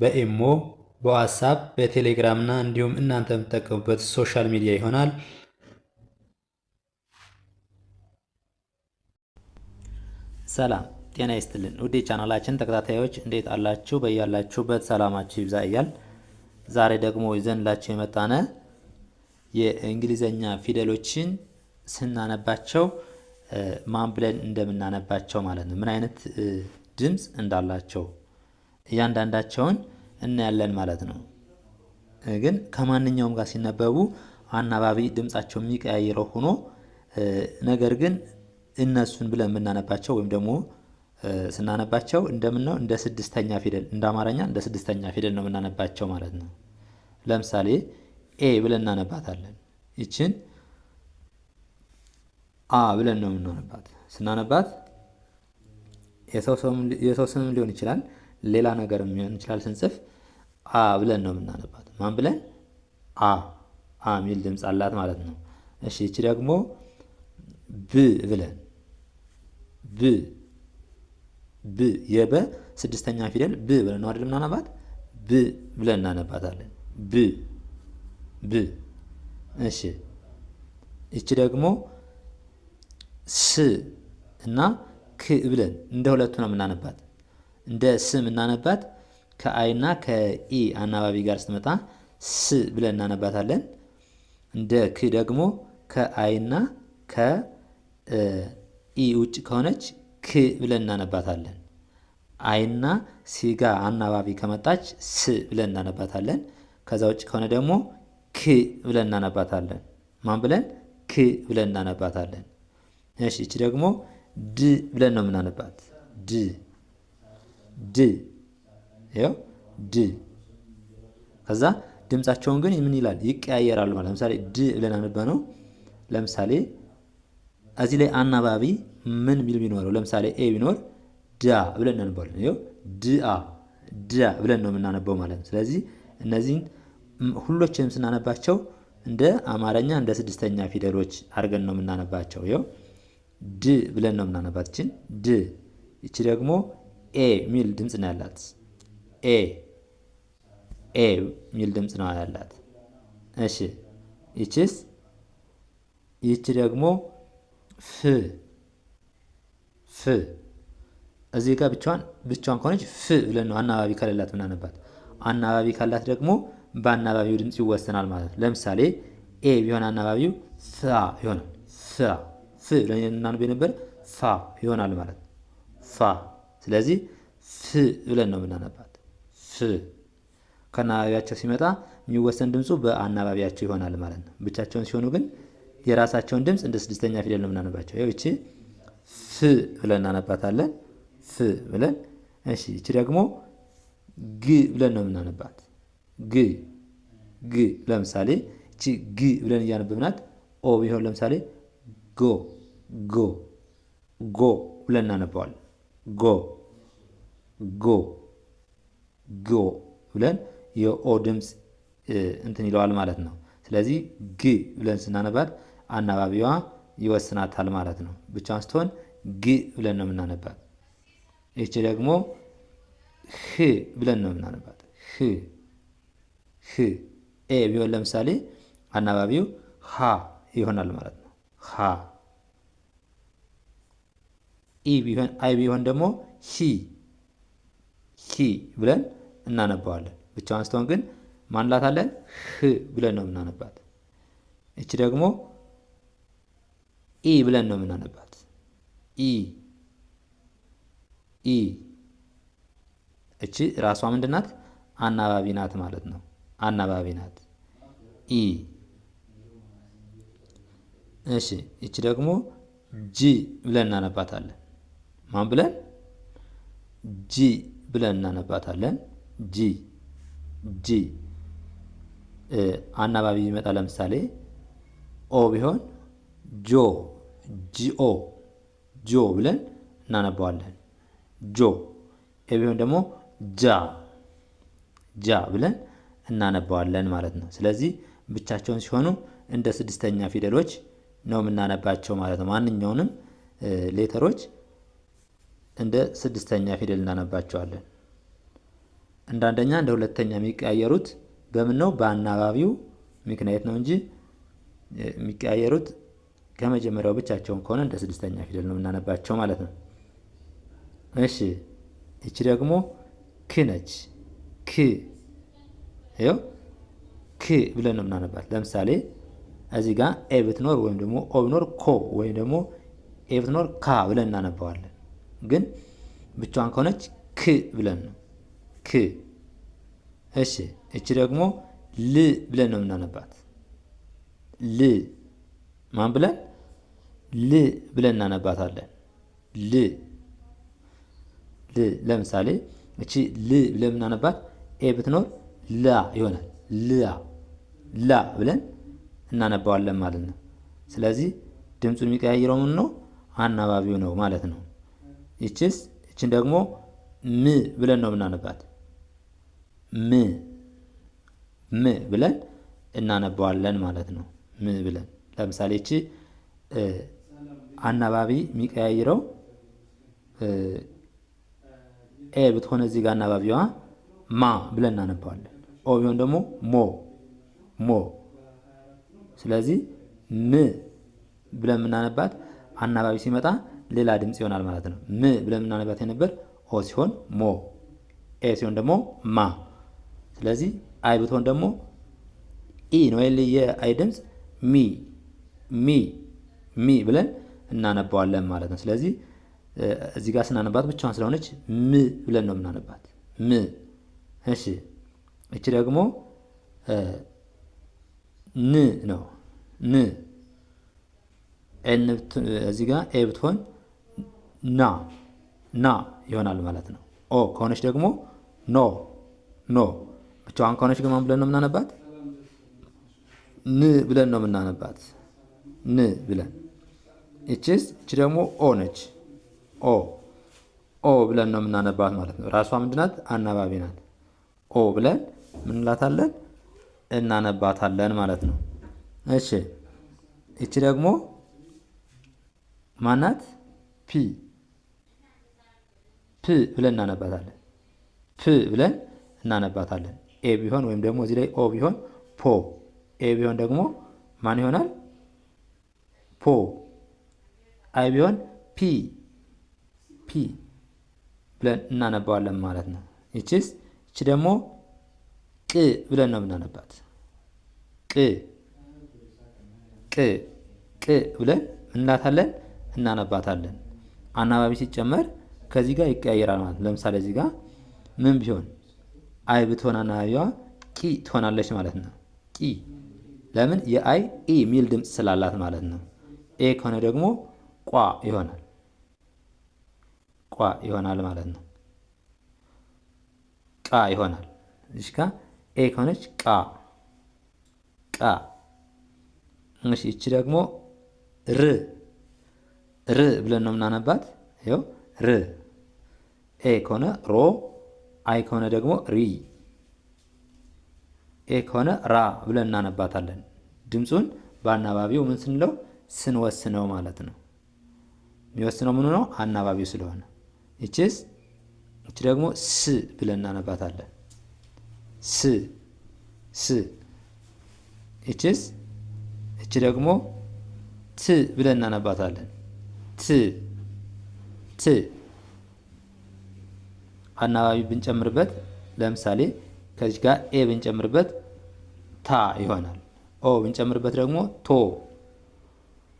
በኤሞ በዋትሳፕ በቴሌግራም እና እንዲሁም እናንተ የምትጠቀሙበት ሶሻል ሚዲያ ይሆናል። ሰላም ጤና ይስጥልን ውድ ቻናላችን ተከታታዮች እንዴት አላችሁ? በያላችሁበት ሰላማችሁ ይብዛ እያል ዛሬ ደግሞ ይዘንላችሁ የመጣነ የእንግሊዘኛ ፊደሎችን ስናነባቸው ማን ብለን እንደምናነባቸው ማለት ነው፣ ምን አይነት ድምፅ እንዳላቸው እያንዳንዳቸውን እናያለን ማለት ነው። ግን ከማንኛውም ጋር ሲነበቡ አናባቢ ድምፃቸው የሚቀያይረው ሆኖ ነገር ግን እነሱን ብለን የምናነባቸው ወይም ደግሞ ስናነባቸው እንደምን እንደ ስድስተኛ ፊደል እንደ አማርኛ እንደ ስድስተኛ ፊደል ነው የምናነባቸው ማለት ነው። ለምሳሌ ኤ ብለን እናነባታለን። ይችን አ ብለን ነው የምናነባት። ስናነባት የሰው ስምም ሊሆን ይችላል ሌላ ነገር ሊሆን ይችላል ስንጽፍ አ ብለን ነው የምናነባት። ማን ብለን አ አ ሚል ድምፅ አላት ማለት ነው። እሺ እቺ ደግሞ ብ ብለን ብ ብ የበ ስድስተኛ ፊደል ብ ብለን ነው አይደል የምናነባት። ብ ብለን እናነባታለን። ብ ብ እሺ እቺ ደግሞ ስ እና ክ ብለን እንደ ሁለቱ ነው የምናነባት። እንደ ስ ምናነባት ከአይና ከኢ አናባቢ ጋር ስትመጣ ስ ብለን እናነባታለን። እንደ ክ ደግሞ ከአይና ከኢ ውጭ ከሆነች ክ ብለን እናነባታለን። አይና ሲጋ አናባቢ ከመጣች ስ ብለን እናነባታለን። ከዛ ውጭ ከሆነ ደግሞ ክ ብለን እናነባታለን። ማን ብለን? ክ ብለን እናነባታለን። እሺ፣ ይቺ ደግሞ ድ ብለን ነው የምናነባት ድ ድ ይኸው ድ ከዛ ድምፃቸውን ግን ምን ይላል ይቀያየራሉ ማለት ለምሳሌ ድ ብለን አነበ ነው ለምሳሌ እዚህ ላይ አናባቢ ምን ሚል ቢኖረው ለምሳሌ ኤ ቢኖር ዳ ብለን እናነባለን ይኸው ድአ ዳ ብለን ነው የምናነበው ማለት ነው ስለዚህ እነዚህን ሁሎችንም ስናነባቸው እንደ አማርኛ እንደ ስድስተኛ ፊደሎች አድርገን ነው የምናነባቸው ይኸው ድ ብለን ነው የምናነባት ይችን ድ ይቺ ደግሞ ኤ ሚል ድምፅ ነው ያላት። ኤ ኤ ሚል ድምፅ ነው ያላት። እሺ ይችስ? ይች ደግሞ ፍ ፍ እዚህ ጋር ብቻዋን ብቻዋን ከሆነች ፍ ብለን ነው አናባቢ ከሌላት ምናነባት። አናባቢ ካላት ደግሞ በአናባቢው ድምፅ ይወሰናል ማለት ነው። ለምሳሌ ኤ ቢሆን አናባቢው ፋ ይሆናል። ፋ ፍ ብለን እናንብ የነበረ ፋ ይሆናል ማለት ፋ ስለዚህ ፍ ብለን ነው የምናነባት። ፍ ከአናባቢያቸው ሲመጣ የሚወሰን ድምፁ በአናባቢያቸው ይሆናል ማለት ነው። ብቻቸውን ሲሆኑ ግን የራሳቸውን ድምፅ እንደ ስድስተኛ ፊደል ነው የምናነባቸው። ይኸው ይቺ ፍ ብለን እናነባታለን። ፍ ብለን እሺ። ይቺ ደግሞ ግ ብለን ነው የምናነባት። ግ ግ ለምሳሌ እቺ ግ ብለን እያነበብናት ኦ ቢሆን ለምሳሌ ጎ ጎ ጎ ብለን እናነባዋለን። ጎ ጎ ጎ ብለን የኦ ድምፅ እንትን ይለዋል ማለት ነው። ስለዚህ ግ ብለን ስናነባት አናባቢዋ ይወስናታል ማለት ነው። ብቻዋን ስትሆን ግ ብለን ነው የምናነባት። ይቺ ደግሞ ህ ብለን ነው የምናነባት። ህ ህ ኤ ቢሆን ለምሳሌ አናባቢው ሃ ይሆናል ማለት ነው። ሃ ኢ ቢሆን አይ ቢሆን ደግሞ ሂ ኪ ብለን እናነባዋለን። ብቻዋን ስትሆን ግን ማንላታለን ህ ብለን ነው የምናነባት። እቺ ደግሞ ኢ ብለን ነው የምናነባት። ኢ እቺ ራሷ ምንድን ናት? አናባቢ ናት ማለት ነው። አናባቢ ናት ኢ። እሺ እቺ ደግሞ ጂ ብለን እናነባታለን። ማን ብለን ጂ ብለን እናነባታለን። ጂ ጂ አናባቢ ይመጣ። ለምሳሌ ኦ ቢሆን ጆ ጂኦ ጆ ብለን እናነባዋለን። ጆ ኤ ቢሆን ደግሞ ጃ ጃ ብለን እናነባዋለን ማለት ነው። ስለዚህ ብቻቸውን ሲሆኑ እንደ ስድስተኛ ፊደሎች ነው የምናነባቸው ማለት ነው። ማንኛውንም ሌተሮች እንደ ስድስተኛ ፊደል እናነባቸዋለን። እንደ አንደኛ እንደ ሁለተኛ የሚቀያየሩት በምን ነው? በአናባቢው ምክንያት ነው እንጂ የሚቀያየሩት ከመጀመሪያው ብቻቸውን ከሆነ እንደ ስድስተኛ ፊደል ነው የምናነባቸው ማለት ነው። እሺ ይቺ ደግሞ ክ ነች። ክ ይኸው ክ ብለን ነው የምናነባት። ለምሳሌ እዚህ ጋር ኤ ብትኖር ወይም ደግሞ ኦ ብኖር ኮ ወይም ደግሞ ኤ ብትኖር ካ ብለን እናነባዋለን። ግን ብቻዋን ከሆነች ክ ብለን ነው ክ። እሺ እቺ ደግሞ ል ብለን ነው የምናነባት። ል ማን ብለን ል ብለን እናነባታለን። ል ል ለምሳሌ እቺ ል ብለን የምናነባት ኤ ብትኖር ላ ይሆናል። ላ ላ ብለን እናነባዋለን ማለት ነው። ስለዚህ ድምፁ የሚቀያይረው ምን ነው? አናባቢው ነው ማለት ነው። ይችስ ይችን ደግሞ ም ብለን ነው የምናነባት። ም ም ብለን እናነባዋለን ማለት ነው። ም ብለን ለምሳሌ ይቺ አናባቢ የሚቀያይረው ኤ ብትሆነ እዚህ ጋር አናባቢዋ ማ ብለን እናነባዋለን። ኦ ቢሆን ደግሞ ሞ ሞ። ስለዚህ ም ብለን የምናነባት አናባቢ ሲመጣ ሌላ ድምፅ ይሆናል ማለት ነው። ም ብለን የምናነባት የነበር ኦ ሲሆን ሞ፣ ኤ ሲሆን ደግሞ ማ። ስለዚህ አይ ብትሆን ደግሞ ኢ ነው የአይ ድምፅ ሚ ሚ ሚ ብለን እናነባዋለን ማለት ነው። ስለዚህ እዚህ ጋር ስናነባት ብቻዋን ስለሆነች ም ብለን ነው የምናነባት ም። እሺ እቺ ደግሞ ን ነው ን። እዚህ ጋር ኤ ብትሆን ና ና ይሆናል ማለት ነው። ኦ ከሆነች ደግሞ ኖ ኖ። ብቻዋን ከሆነች ግን ማን ብለን ነው የምናነባት? ን ብለን ነው የምናነባት። ን ብለን እችስ እች ደግሞ ኦ ነች። ኦ ኦ ብለን ነው የምናነባት ማለት ነው። ራሷ ምንድናት? አናባቢ ናት። ኦ ብለን ምንላታለን? እናነባታለን ማለት ነው። እሺ እች ደግሞ ማናት? ፒ ፕ ብለን እናነባታለን። ፕ ብለን እናነባታለን። ኤ ቢሆን ወይም ደግሞ እዚህ ላይ ኦ ቢሆን ፖ፣ ኤ ቢሆን ደግሞ ማን ይሆናል? ፖ። አይ ቢሆን ፒ፣ ፒ ብለን እናነባዋለን ማለት ነው። ይቺስ ይቺ ደግሞ ቅ ብለን ነው የምናነባት። ቅ ቅ ቅ ብለን እንላታለን፣ እናነባታለን። አናባቢ ሲጨመር ከዚህ ጋር ይቀያየራል ማለት ለምሳሌ እዚህ ጋር ምን ቢሆን አይ ብትሆን አናባቢዋ ቂ ትሆናለች ማለት ነው። ቂ ለምን የአይ ኢ የሚል ድምፅ ስላላት ማለት ነው። ኤ ከሆነ ደግሞ ቋ ይሆናል። ቋ ይሆናል ማለት ነው። ቃ ይሆናል። እሺ ጋ ኤ ከሆነች ቃ ቃ። እሺ እቺ ደግሞ ር ር ብለን ነው የምናነባት ይኸው ር ኤ ከሆነ ሮ አይ ከሆነ ደግሞ ሪ ኤ ከሆነ ራ ብለን እናነባታለን። ድምፁን በአናባቢው ምን ስንለው ስንወስነው ማለት ነው። የሚወስነው ምን ነው? አናባቢው ስለሆነ። ይችስ ይች ደግሞ ስ ብለን እናነባታለን። ስ ስ ይችስ ይች ደግሞ ት ብለን እናነባታለን። ት ት አናባቢ ብንጨምርበት ለምሳሌ ከዚህ ጋር ኤ ብንጨምርበት ታ ይሆናል። ኦ ብንጨምርበት ደግሞ ቶ።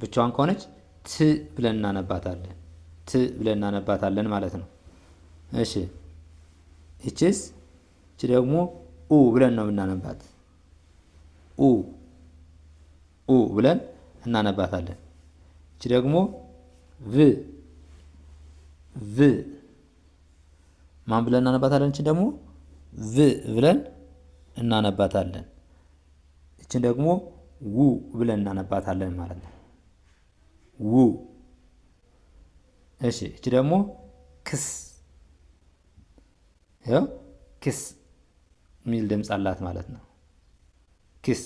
ብቻዋን ከሆነች ት ብለን እናነባታለን። ት ብለን እናነባታለን ማለት ነው። እሺ ይችስ ይች ደግሞ ኡ ብለን ነው የምናነባት። ኡ ኡ ብለን እናነባታለን። ይች ደግሞ ቭ ቭ ማን ብለን እናነባታለን? እችን ደግሞ ቭ ብለን እናነባታለን። እችን ደግሞ ው ብለን እናነባታለን ማለት ነው። ው እሺ፣ እች ደግሞ ክስ ያው ክስ የሚል ድምፅ አላት ማለት ነው። ክስ።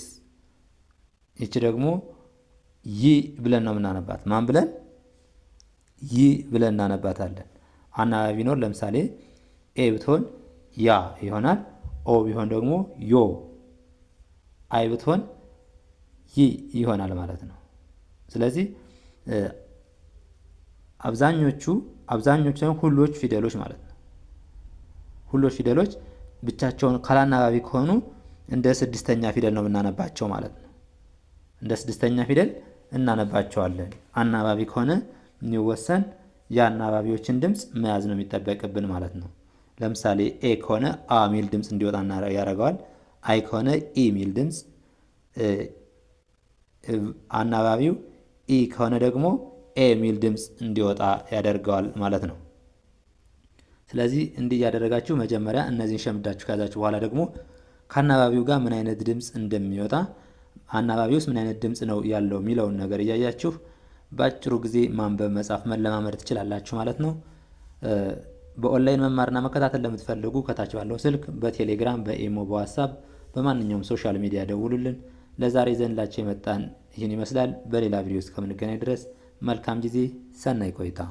እች ደግሞ ይ ብለን ነው የምናነባት። ማን ብለን ይ ብለን እናነባታለን። አናባቢ ቢኖር ለምሳሌ ኤ ብትሆን ያ ይሆናል። ኦ ቢሆን ደግሞ ዮ፣ አይ ብትሆን ይ ይሆናል ማለት ነው። ስለዚህ አብዛኞቹ አብዛኞቹ ሳይሆን ሁሎች ፊደሎች ማለት ነው። ሁሎች ፊደሎች ብቻቸውን ካላናባቢ ከሆኑ እንደ ስድስተኛ ፊደል ነው የምናነባቸው ማለት ነው። እንደ ስድስተኛ ፊደል እናነባቸዋለን። አናባቢ ከሆነ የሚወሰን የአናባቢዎችን ድምፅ መያዝ ነው የሚጠበቅብን ማለት ነው። ለምሳሌ ኤ ከሆነ አ ሚል ድምፅ እንዲወጣ ያደርገዋል። አይ ከሆነ ኢ ሚል ድምፅ አናባቢው፣ ኢ ከሆነ ደግሞ ኤ ሚል ድምፅ እንዲወጣ ያደርገዋል ማለት ነው። ስለዚህ እንዲህ እያደረጋችሁ መጀመሪያ እነዚህን ሸምዳችሁ ከያዛችሁ በኋላ ደግሞ ከአናባቢው ጋር ምን አይነት ድምፅ እንደሚወጣ አናባቢውስ ምን አይነት ድምፅ ነው ያለው የሚለውን ነገር እያያችሁ በአጭሩ ጊዜ ማንበብ መጻፍ መለማመድ ትችላላችሁ ማለት ነው። በኦንላይን መማርና መከታተል ለምትፈልጉ ከታች ባለው ስልክ በቴሌግራም በኢሞ በዋትሳፕ በማንኛውም ሶሻል ሚዲያ ደውሉልን። ለዛሬ ዘንላቸው የመጣን ይህን ይመስላል። በሌላ ቪዲዮ እስከምንገናኝ ድረስ መልካም ጊዜ፣ ሰናይ ቆይታ